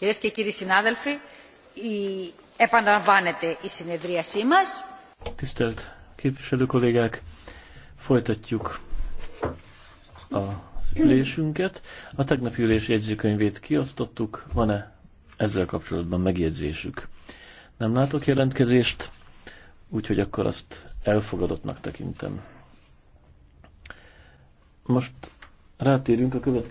Κυρίες και κύριοι συνάδελφοι, η... επαναλαμβάνεται η συνεδρίασή μας. Tisztelt képviselő kollégák, folytatjuk az ülésünket. A tegnapi ülés jegyzőkönyvét kiosztottuk. Van-e ezzel kapcsolatban megjegyzésük? Nem látok jelentkezést, úgyhogy akkor azt elfogadottnak tekintem. Most rátérünk a következő.